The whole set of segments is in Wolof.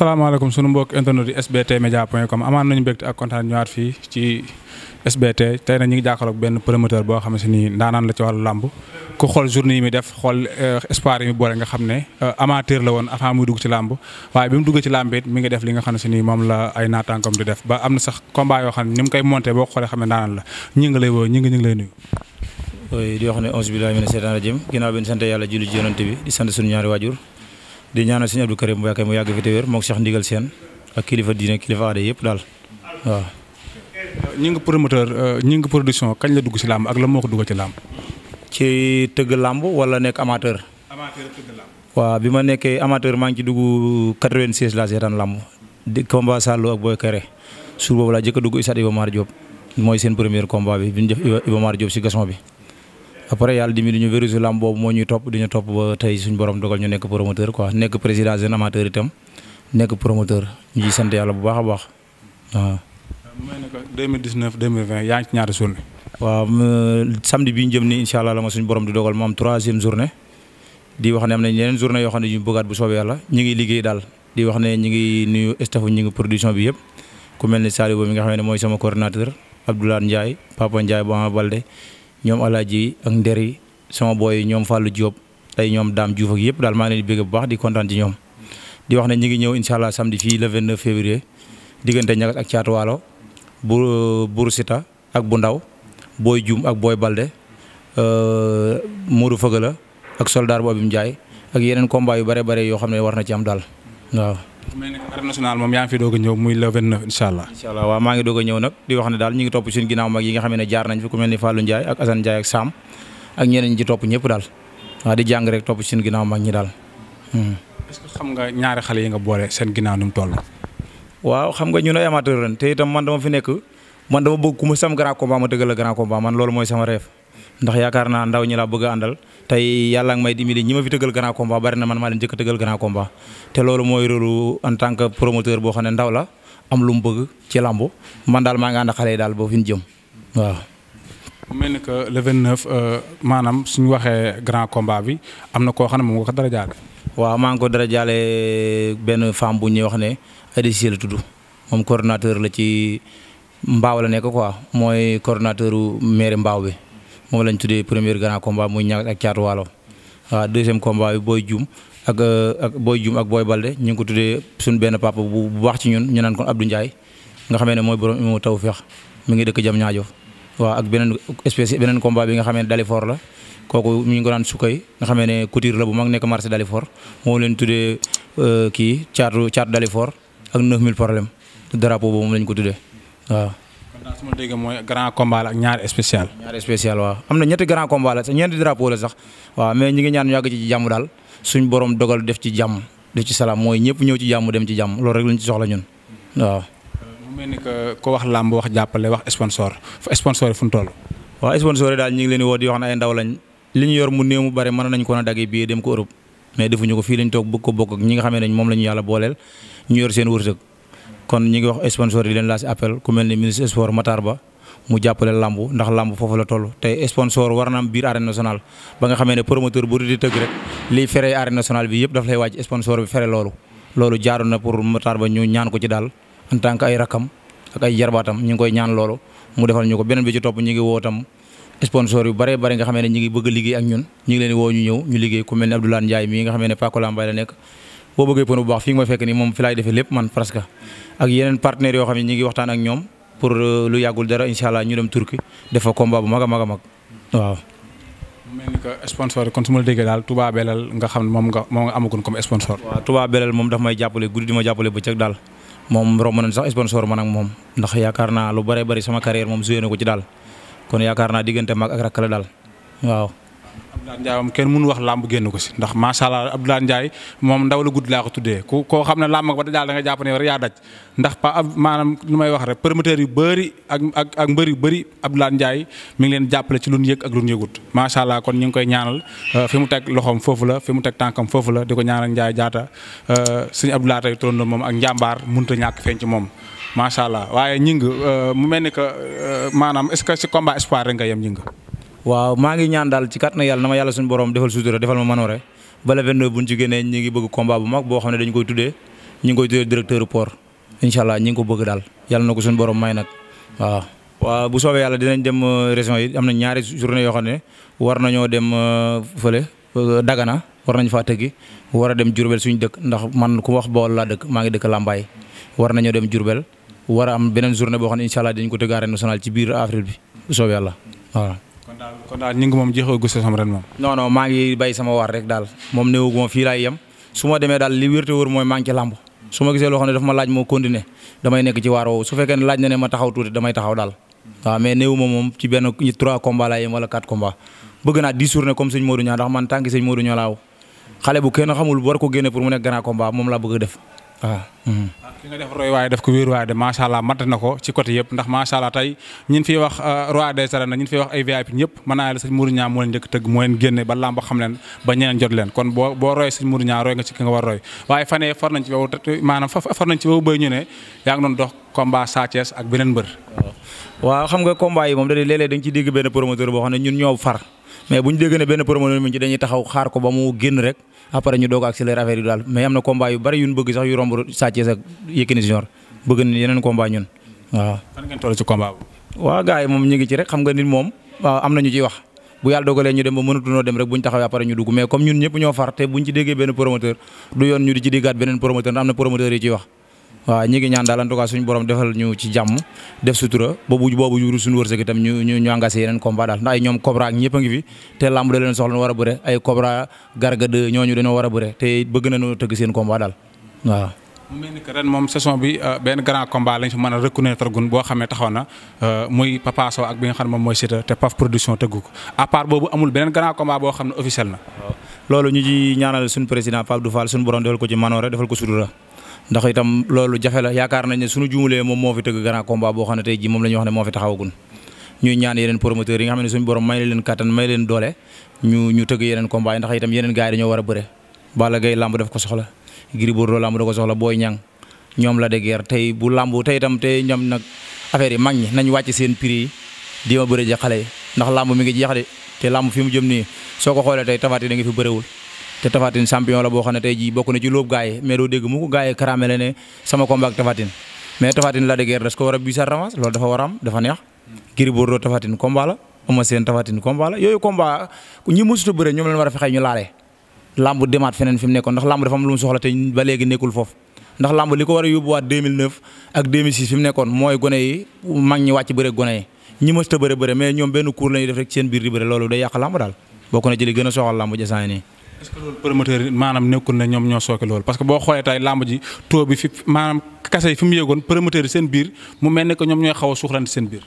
asalaamaaleykum sunu mbokk internet yi sbt média point com amaan nañu mbégte ak kontaan ñëwaat fii ci sbt tey boo xam ne si la ci wàllu làmb ku xool journée mi def xool euh, espoir yi mi boole nga xam ne euh, amateur la woon avant muy dugg ci làmb waaye bi mu dugg ci làmb it mi ngi def li nga xam ne si nii moom la ay naataankom di def ba am na sax combat yoo xam ne ni mu koy monté boo xoolee xam ne ndaanaan la ñi nga lay woo ñi nga ngi lay nuyu di wax ne auzu billahi mina seytaan rajim ginnaaw bi ñu sant di ñaanal sëñ Abdou Karim Mbacké mu yàgg fi te wér moog Cheikh Ndigal Sène ak kilifa diine kilifa aada yëpp daal waaw. ñi nga promoteur euh, ñi nga production kañ la dugg ci làmb ak la moo ko dugg ci làmb. ci tëgg làmb wala nekk amateur. amateur bi ma nekkee amateur maa ngi ci dugg 96 laa seetaan làmb di combat Sallou ak Boy Kéré suur boobu laa jëkk a dugg Isaac Iba Mar mooy seen premier combat bi bi ñu def Iba Mar Diop ci gason bi. après yàlla dimbali ñu virusu lamb boobu moo ñuy topp di ñu topp ba tey suñu borom dogal ñu nekk promoteur quoi nekk président jeune amateur itam nekk promoteur ñu ciy sant yàlla bu baax a baax waaw. may na ko 2019 2020 yaa ngi ci ñaari journée. waaw samedi bi ñu jëm ni incha allah la ma suñu borom di dogal ma am troisième journée di wax ne am nañ journée yoo xam ne ñu bëggaat bu soobee yàlla ñu ngi liggéey daal di wax ne ñu ngi nuyu staff ñi ngi production bi yëpp ku mel ni Saliou mi nga xam ne mooy sama coordinateur Abdoulaye Ndiaye Papa Ndiaye Bama Balde. ñoom ji ak nderi sama booy ñoom Fallou Diop ay ñoom Dame Diouf ak yëpp daal maa ngi leen di bëgg bu baax di kontaan ci ñoom. di wax ne ñu ngi ñëw incha allah samedi fii le 29 février diggante ñagas ak caatu waalo bu Bur Sita ak bu ndaw booy juum ak booy Balde euh, Modou Fëgala ak soldaar boobu Ndiaye ak yeneen combat yu bare bare yoo xam ne war na ci am daal waaw. mel ni arène nationale moom yaa ngi fi doog a ñëw muy le 29 incha allah. incha maa ngi doog a ñëw nag di wax ne daal ñu ngi topp suñu ginnaaw mag yi nga xam ne jaar nañ fi ku mel ni Fallou Ndiaye ak Assane Ndiaye ak Sam ak ñeneen ñi topp ñëpp daal waaw di jàng rek topp suñu ginnaaw mag ñi daal. Hmm. xam nga ñaari xale yi nga boole seen ginnaaw ni mu toll. waaw xam nga ñun ay amateur lañ te itam man dama fi nekk man dama bëgg ku ma sam grand combat ma dëggal la grand combat man loolu mooy sama ndax yaakaar naa ndaw ñi laa bëgg a àndal tey yàlla ngi may dimbali ñi ma fi tëggal grand combat bari na man maa leen jëkk tëggal grand combat te loolu mooy rôle en tant que promoteur boo xam ne ndaw la am lu mu bëgg ci làmb man daal maa ngi ànd xale yi daal boo fi ñu jëm waaw. mu mel ni que le 29 euh, maanaam suñu waxee grand combat bi am na koo xam ne moom nga ko dara jaale. waaw maa ngi ko dara jaale benn femme bu ñuy wax ne Adja la tudd moom coordonnateur la ci Mbaaw la nekk quoi mooy coordonnateur maire Mbaaw bi. moom lañ tuddee premier grand combat muy ñagas ak caatu waalo waaw deuxième combat bi booy juum ak euh, ak booy juum ak booy balde ñu ngi ko tuddee suñ benn papa bu baax ci ñun ñu naan kon Abdou Ndiaye nga xamee ne mooy borom imoo taw feex mi ngi dëkk jam ñaajo waaw ak beneen espèce beneen combat bi nga xamee ne Dalifor la kooku ñu ngi ko naan sukkay nga xamee ne couture la bu mag nekk marché Dalifor moom leen tuddee euh, kii caatu caatu Dalifor ak 9000 problème drapeau boobu moom lañ ko tuddee waaw daal su ma déggee mooy grand combat ak ñaar spécial. waaw am na ñetti grand combat sax ñeenti drapeau sax waaw mais ñi ngi ñaan yàgg ci jàmm daal suñ borom dogal def ci jàmm def ci salaam mooy ñëpp ñëw ci jàmm dem ci jàmm loolu rek lañ ci soxla ñun waaw. mu mel ni que ko wax làmb wax jàppale wax sponsor sponsor yi fu mu toll. waaw sponsor yi daal ñu ngi leen di wax ne ay ndaw lañ li ñu yor mu néew mu bari nañ ko woon a daggee billet dem ko Europe mais defuñu ko fii lañ toog bëgg ko bokk ñi nga xam ne la ñu yàlla booleel ñu yor seen kon ñi ngi wax sponsor yi leen laa si appel ku mel ni ministre sport Matar Ba mu jàppale lambu ndax lambu foofu la toll tey sponsor war na am biir arène nationale ba nga xamee ne promoteur bu di tëgg rek liy fere arène nationale bi yëpp daf lay wàcc sponsor bi fere loolu. loolu jaaru na pour Matar Ba ñu ñaan ko ci daal en ay rakam ak ay jarbaatam ñu koy ñaan loolu mu defal ñu ko beneen bi ci topp ñu ngi woo sponsor yu bare bare nga ñu ngi bëgg a liggéey ak ñun ñu ngi ak yeneen partenaires yoo xam ne ñu ngi waxtaan ak ñoom pour euh, lu yàggul dara incha allah ñu dem Turquie def fa komba bu mag a mag waaw. mu mel ni que sponsor kon su ma la déggee daal Touba Belal nga xam ne moom nga moom nga amagoon comme sponsor. waaw Touba Belal moom daf may jàppale guddi di ma jàppale bëccëg daal moom romb nañ sax sponsor man ak moom ndax yaakaar naa lu bëree bëri sama carrière moom joué na ko ci daal kon yaakaar naa diggante mag a rakk daal waaw. Abdoulaye Ndiaye moom kenn mënu wax làmb génn ko si ndax macha allah Abdoulaye Ndiaye moom ndaw la gudd laa ko tuddee ku koo xam ne làmb ba daal da nga jàpp ne war yaa daj ndax pa maanaam may wax rek promoteur yu bari ak ak ak mbër yu bëri Abdoulaye Ndiaye mi ngi leen jàppale ci lun ñu yëg ak lu ñu yëgut macha kon ñu ngi koy ñaanal euh, fi mu teg loxoom foofu la fi mu teg tànkam foofu la di ko ñaanal njaay jaata euh, suñu Abdoulaye tey turandoo moom ak njàmbaar mënut a ñàkk feeñ ci moom macha allah waaye ñi euh, mu mel ni que maanaam est-ce que si nga yem ñi nga waaw maa ngi ñaan daal ci kàttanu yàlla na ma yàlla suñu borom defal sutura defal ma manoore bala 22 buñ ci génnee ñu ngi bëgg combat bu mag boo xam ne dañ koy tuddee ñu ngi koy tuddee directeur port incha allah ñi ngi ko bëgg daal yàlla na ko suñu borom may nag waaw. waaw bu soobee yàlla dinañ dem euh, région yi am na ñaari journée yoo xam ne war na ñoo dem euh, fële euh, Dagana war nañ faa tëggi war a dem Diourbel suñu dëkk ndax man ku wax Bawol laa dëkk maa ngi dëkk Lambaye war nañoo dem Diourbel war a am beneen journée boo xam ne incha allah dinañ ko tëgg arène biir avril bi bu soobee yàlla kon daal ñu ngi moom jeexagu saison ren moom. maa ngi bay sama waar rek daal moom néew ma fii laay yem su ma demee daal li wér mooy maa ci làmb su ma gisee loo xam ne daf ma laaj moo continuer damay nekk ci waar woowu su fekkee ne laaj na ne ma taxaw tuuti damay taxaw daal waaw mais néew ma moom ci benn trois combats laay yem wala quatre combats bëgg naa dix journée comme sëñ Modou Niang ndax man tànki sëñ Modou Niang laaw xale bu kenn xamul war moom laa bëgg def waaw. Hmm. Ah, ki nga def roy waaye def ko wéeruwaay de macha allah mat na ko ci côté yëpp ndax macha allah tey ñin fiy wax ah, roi des arènes ñin fiy wax ay VIP ñëpp mën naa la sëñ Mourou Niang moo leen njëkk tëgg moo leen génne ba làmb xam leen ba ñeneen jot leen kon boo roy sëñ Mourou Niang roy nga ci ki nga war roy waaye fanee far ci boobu maanaam yaa ngi doon dox combat Sa Thiès ak beneen mbër waaw xam nga combat yi moom da léeg dañ ci dégg benn promoteur boo xam mais bu ñu dégg ne benn promoteur mi ci dañuy taxaw xaar ko ba mu génn rek après ñu doog a accélérer affaire daal mais am na combat yu bari yu ñu bëgg sax yu romb Sa Thiès ak Yékini bëgg nañ yeneen combat ñun waaw. am na ñu ciy wax bu yàlla ñu dem ba mënatunoo dem rek bu ñu taxawee après ñu dugg mais comme ñun ñëpp ñoo far te bu ñu déggee benn promoteur du yoon ñu di ci déggaat beneen promoteur am na promoteurs yi ciy wax waaw ñi ngi ñaan daal en tout cas defal ñu ci jàmm def sutura boobu boobu juru wërsëg itam ñu ñu yeneen combat daal ndax ay ñoom Cobra ak a fi te lamb leen soxla nu war a bëre a te bëgg nañu tëgg seen combat daal waaw mu mel ni moom saison bi euh, benn grand combat lañ si mën a reconnaître gun boo xamee taxaw na euh, muy ak bi xam moom mooy Siteu te Paf production tëggu ko à boobu amul beneen grand combat boo xam na. loolu ndax itam loolu jafe la yaakaar nañ ne suñu juumalee moom moo fi tëgg grand combat boo xam ne tey ji moom la ñuy wax ne moo fi taxawagun ñuy ñaan yeneen promoteurs yi nga xam ne suñu borom may leen kattan may leen doole ñu ñu tëgg yeneen combat yi ndax itam yeneen gars dañoo war a bëre Balla Gaye lamb daf ko soxla Gris Bordeaux lamb da ko soxla Boy Niang ñoom la de guerre tey bu lamb tey itam tey ñoom nag affaire yi mag ñi nañ wàcc seen prix yi di ma bëre ja xale yi ndax mi ngi jeex te lamb fi mu jëm nii soo xoolee tey tafaati da nga fi bërewul te Tapha Tine champion la boo xam ne tey jii bokk na ci lóob gars yi mais doo dégg mu ko gars yi karaame ne sama combat ak Tapha Tine mais Tapha das ko war a bisa revanche loolu dafa war a am dafa neex Gris Bordeaux Tapha Tine la ama seen Tapha Tine yooyu combat ñi mësuta bëre ñoom leen war a fexee ñu laalee lamb demaat feneen fi mu nekkoon ndax lamb dafa am lu mu soxla te ba léegi nekkul foofu ndax lamb li ko war a yóbbuwaat 2009 ak 2006 fi mu nekkoon mooy gone yi mag ñi wàcc bëre gone yi a est-ce que loolu promoteur yi maanaam nekkul ne ñoom ñoo sooke loolu parce que boo xoolee tey làmb ji taux bi fi maanaam kase yi fi yéegoon promoteur seen biir mu mel ne ñoom ñooy xaw a suuxlante seen biir.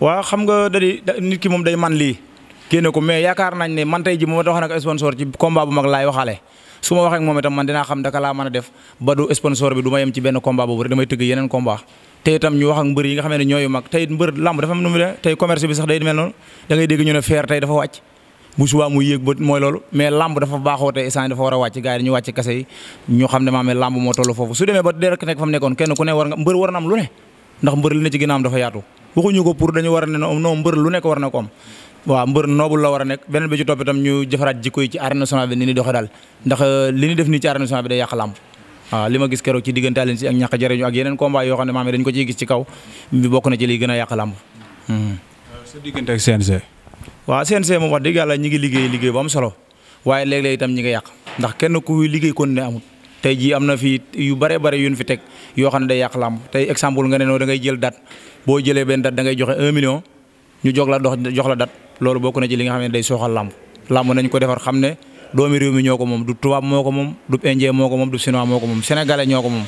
waaw xam nga da nit ki moom day man lii. génne ko mais yaakaar nañ ne man ji moom doxoon ak sponsor ci combat bu mag laay waxaale su ma waxee moom itam man dinaa xam daka laa mën a def ba du sponsor bi du yem ci benn combat boobu rek damay tëgg yeneen bu subaa muy yéeg ba mooy loolu mais lamb dafa baaxoo te instant dafa war a wàcc gars yi ñu wàcc kase yi ñu xam ne maam lamb moo toll foofu su demee ba dee rek nekk fa mu nekkoon kenn ku ne war nga mbër lu ne war ne non mbër mbër noobul la war a nekk beneen bi ci topp ñu jëfaraat jikko yi ci arène nationale ni ni doxee daal ndax euh, li ñu def nii ci arène nationale bi yàq làmb waaw li ma gis keroog ci diggante Alioune Seye ak ñàkk jëriñu ak yeneen waaw CNG moom wax dëgg yàlla ñi ngi liggéey liggéey bu am solo waaye léeg-léeg itam ñi ngi yàq ndax kenn ku liggéey kon ne amut tey jii am na fi yu bare bare yu ñu fi teg yoo xam ne day yàq làmb tey exemple nga ne noo da ngay jël date boo jëlee benn date da ngay joxe million ñu jox la dox jox la date loolu bokk na ci li nga xam ne day sooxal làmb làmb nañ ko defar xam ne doomi réew mi ñoo ko moom du tubaab moo ko moom du indien moo ko moom du chinois moo ko moom sénégalais ñoo ko moom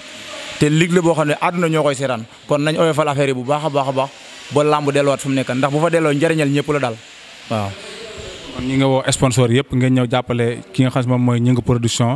te ligue la boo xam ne àdduna ñoo koy seetaan kon nañ oyofal affaire bu baax a baax a baax ba làmb delluwaat fu mu nekk ndax bu fa delloo njëriñal ñëpp la daal waaw. kon ñi nga woo sponsor yëpp nga ñëw jàppale ki nga xam moom mooy ñi nga production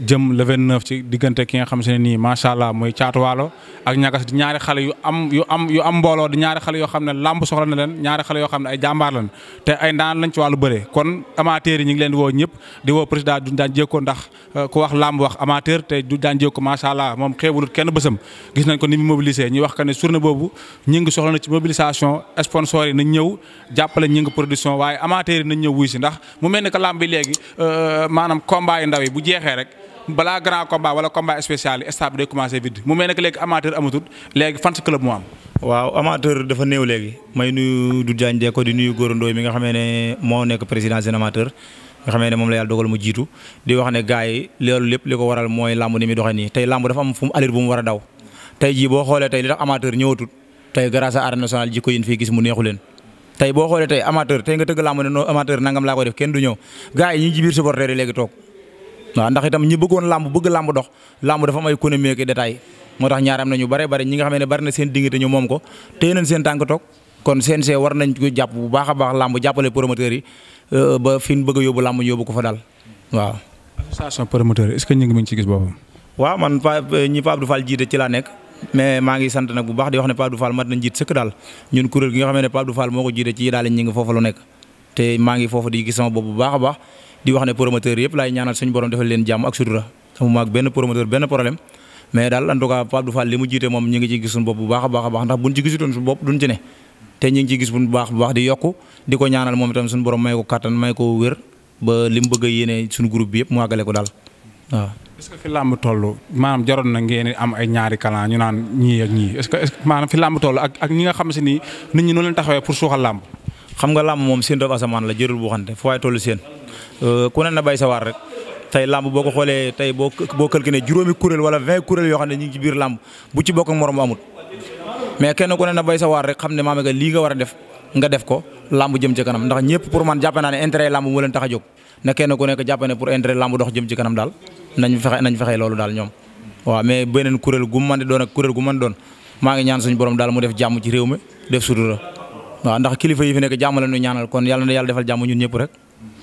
jëm le 29 ci diggante ki nga xam se ne nii macha allah mooy caatuwaalo ak ñagas di ñaari xale yu am yu am yu am mbooloo di ñaari xale yoo xam ne lamb soxla na leen ñaari xale yoo xam ne ay jàmbaar lañ te ay ndaan lañ ci wàllu bëre kon amateur yi ñu leen di woo ñëpp di woo président du daan jékko ndax euh, ku wax làmb wax amateur te du daan jékko macha allah moom xeebulut kenn bësam gis nañ ko ni mu mobilisé ñuy wax que ne journée boobu ñu ngi soxla na ci mobilisation sponsor nañ ñëw jàppale ñu ngi production waaye amateur yi nañ ñëw wuy si ndax mu mel ni que làmb bi léegi euh, maanaam combat yi ndaw yi bu jeexee rek balaa grand combat wala combat spécial yi stade bi day commencé vide mu mel ne que léegi amateur amatul léegi fans club moo mi nga xamee ne moo nekk président seen amateur nga xamee ne moom la yàlla dogal mu jiitu di wax ne gars yi ko waral mooy làmb ni muy doxee nii tey làmb dafa am a daw tey jii boo xoolee tey li tax amateur ñëwatul mu neexu leen tey boo xoolee tey amateur tey nga tëgg làmb ne amateur nangam laa koy def kenn du ñëw gars yi ñi ci biir toog waaw ndax itam ñi bëggoon làmb bëgg làmb dox làmb dafa am ay économie ak détail moo tax ñaar am nañu bare bare ñi nga xam ne bari na seen diggante ñu moom ko téye nañ seen tànk toog kon CNG war nañ ko jàpp bu baax a baax làmb jàppale promoteurs yi euh, ba fi ñu bëgg a yóbbu làmb ñu yóbbu ko fa daal waaw. association promoteur est-ce que ñu ngi mën ci gis boppam. waaw man Pa ñi Pape Abdou Fall jiite ci laa nekk mais maa ngi sant nag bu baax di wax ne Pape Abdou Fall mat na njiit sëkk daal ñun kuréel gi nga xam ne Pape Abdou Fall moo ko te maa ngi foofu di gis sama bopp bu baax a baax di wax ne promoteur yëpp laay ñaanal suñu borom defal leen jàmm ak sutura sama maag benn promoteur benn problème mais daal en tout cas Pape Abdou Fall li mu jiite a baax a baax ndax buñ ci bi yëpp mu àggale ko daal waaw est-ce que fi làmb toll maanaam jaroon na ngeen am ay ñaari kalan ñu naan ñii ak ñii est-ce que maanaam fi làmb toll ak ak ñi nga xam si ni nit ñi noonu leen taxawee pour suuxal làmb xam nga làmb moom seen doomu asamaan la jërul bu xante fu waay toll seen euh, ku ne na bay sa waar rek tey làmb boo ko xoolee tey boo boo calculé juróomi kuréel wala vingt kuréel yoo xam ne ñu ngi ci biir làmb bu ci bokk ak morom amut mais kenn ku ne na bay sa waar rek xam ne maam nga lii nga war a def nga def ko làmb jëm ci kanam ndax ñëpp pour man jàpp naa ne intérêt làmb moo leen tax a jóg na kenn ku nekk jàpp ne pour intérêt làmb dox jëm ci kanam daal nañ fexe nañ fexe loolu daal ñoom waaw mais beneen kuréel gu mën di doon ak kuréel gu mën doon maa ngi ñaan suñu borom daal mu def jàmm ci réew mi def sutura waaw ndax kilifa yi fi nekk jàmm la ñu ñaanal kon yàlla na yàlla defal jàmm ñun ñëpp rek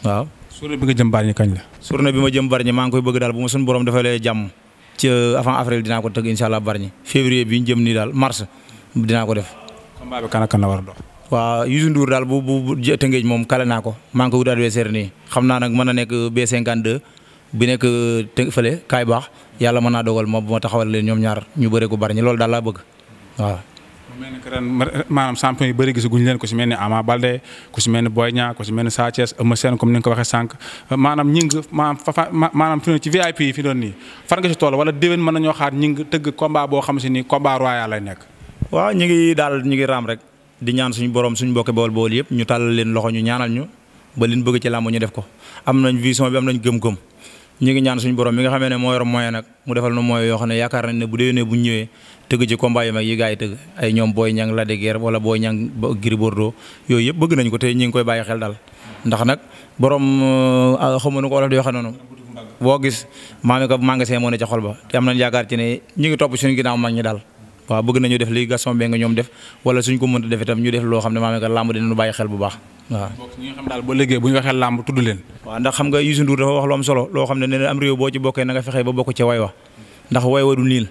waaw. journée bi nga jëm bari kañ la. journée bi ma jëm bari ñi maa ngi koy bëgg daal bu ma suñu borom defalee jàmm ci euh, avant avril dinaa ko tëgg incha allah bari bi ñu jëm nii daal mars dinaa ko def. combat bi kan war a dox. waaw Youssou Ndour daal bu bu Tëngéej moom kale naa ko maa ngi koy wut adversaire nii xam naa nag mën na nekk euh, B52 bi nekk euh, të fële kaay baax yàlla mën naa dogal ma bu taxawal leen ñoom ñaar ñu bëre ko bari ñi loolu daal laa bëgg mel ni que ren maanaam champion yu bëri gisaguñ leen ku si mel ni Ama Balde ku si mel ni Boy Niang ku si mel ni Sa Thiès Eumeu comme ni nga ko waxee sànq maanaam ñi ngi maanaam fa maanaam fi ci VIP yi fi doon nii far nga si toll wala déwén mën nañoo xaar ñi tëgg combat boo xam si ni combat royal lay nekk. waaw ñu ngi daal ñu ngi raam rek di ñaan suñu borom suñu mbokki bool bool yëpp ñu tàllal leen loxo ñu ñaanal ñu ba liñ bëgg ci làmb ñu def ko am nañ vision bi am nañ ñu ngi ñaan suñu borom mi nga xamee ne moo yor moyen nag mu defal nu moyen yoo xam ne yaakaar nañ ne bu déwénee bu ñëwee tëgg ci combat yu mag yi gars yi tëgg ay ñoom Boy Niang Lac de Guiers wala Boy yooyu yëpp bëgg nañ ko te ñu ngi koy bàyyi xel dal ndax nag borom euh, ah, xamu nu ko olof di waxe noonu boo gis maa mi ko magasin moo ne ca xol ba te am nañ yaakaar ci ne ñu ngi topp suñu ginnaaw mag ñi daal waaw bëgg nañu def li Gaston Mbengue ñoom def wala suñ ko mënta def itam ñu def loo xam ne maa ngi kat làmb dinañu bàyyi xel bu baax waaw boo liggéey bu ñu waxee làmb tudd leen waaw ndax xam nga Youssou Ndour dafa wax lu am solo loo xam ne nee na am réew boo ci bokkee na a fexe ba bokk ca way wa ndax way wa du niil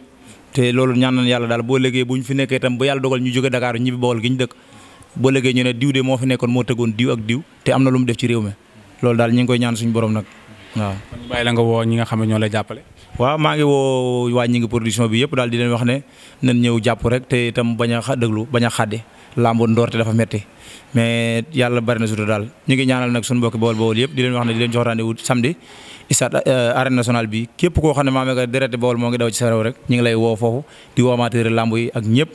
te loolu ñaan yàlla daal boo liggéey bu ñu fi nekkee itam ba yàlla dogal ñu jóge Dakar ñibbi Bawol gi ñu dëkk boo liggéey ñu ne diw de moo fi nekkoon moo tëggoon diw ak na waaw kon bàyyi la nga woo ñi nga xam ne ñoo lay jàppale. waaw maa ngi woo waa ñi ngi production bi yëpp daal di leen wax ne nañ ñëw jàpp rek te itam bañ a déglu bañ a xàdde làmbu ndoorte dafa metti mais yàlla bari na sutura daal ñu ngi ñaanal nag suñu mbokki bool bool yëpp di leen wax ne di leen jox rendez-vous samedi stade euh, nationale bi képp koo xam ne maame nga deret bool moo ngi daw ci sa rek ñu ngi lay woo foofu di woo amateur làmb ak ñëpp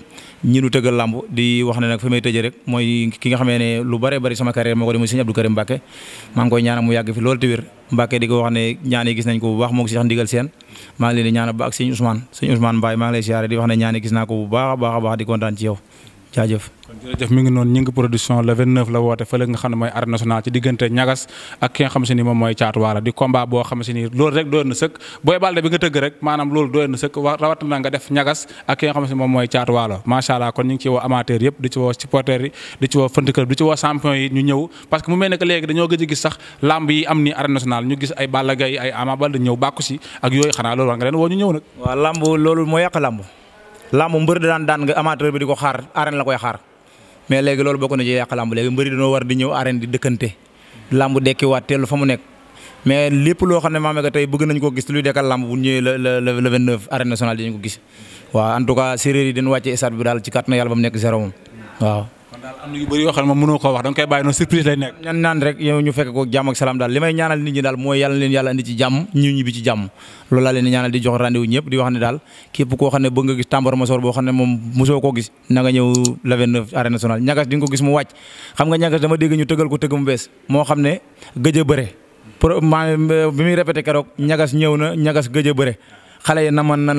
ñi nu tëggal làmb di wax ne nag fi may tëjee rek mooy ki nga xamee ne lu bare bari sama carrière moo ko demoon Serigne Abdou Karim Mbacké maa ngi koy ñaanal mu yàgg fi loolu te wér Mbacké ko wax ne ñaan yi ko bu moo ngi si sax ndigal seen maa ngi leen di ñaanal ñaan gis naa ko bu baax a baax a baax di jaajëf. kon jërëjëf mi ngi noonu ñi ngi production le 29 la woote fële nga xam ne mooy arène nationale ci diggante ñagas ak ki nga moom mooy caatu waala di combat kon ñu ci woo amateur yëpp di ci woo supporter yi di ci woo fan club di ci woo champion yi ñu ñëw parce que mu mel ne que dañoo gëj a gis sax lamb yi am ni arène nationale ñu gis ay Balla Gaye ay Ama Baldé ñëw bàkku ak yooyu xanaa loolu war nga leen woo ñu ñëw nag làmb mbër da daan daan nga amateur bi di ko xaar arène la koy xaar mais léegi loolu bokk na ci yàq làmb léegi mbëri dañoo war di ñëw arène di dëkkante làmb dekkiwaat teelu fa mu nekk mais lépp loo xam ne maam ak tey bëgg nañ ko gis luy dekkal làmb bu ñëwee le le le vingt neuf arène nationale dinañ ko gis waaw en tout cas séeréer yi dañ wàcce stade bi daal ci kàttan yàlla ba mu nekk zéro moom waaw daal am na yu bëri yoo xam ne moom mënoo ko wax da nga koy bàyyi noonu surprise lay nekk ñaan naan rek yow ñu fekk ko jàmm ak salaam daal li may ñaanal nit ñi daal mooy yàlla leen yàlla indi ci jàmm ñu ñibbi ci jàmm loolu laa leen daal képp xam ne bëgg nga na nga ñëw le 29 ko xam ne a bëre a bëre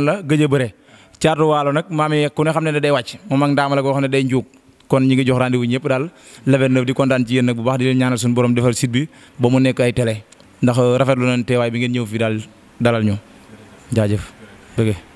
la gëj a bëre caatu waalo nag maam yi ne xam ne day wàcc moom ak ndaama la koo xam ne day njuug kon ñi ngi jox rendez-vous ñëpp daal le 29 di kontaan ci yéen bu baax di leen ñaanal suñu borom defal site bi ba mu nekk ay télé ndax rafetlu nañ teewaay bi ngeen ñëw fii daal dalal ñu jaajëf bëgg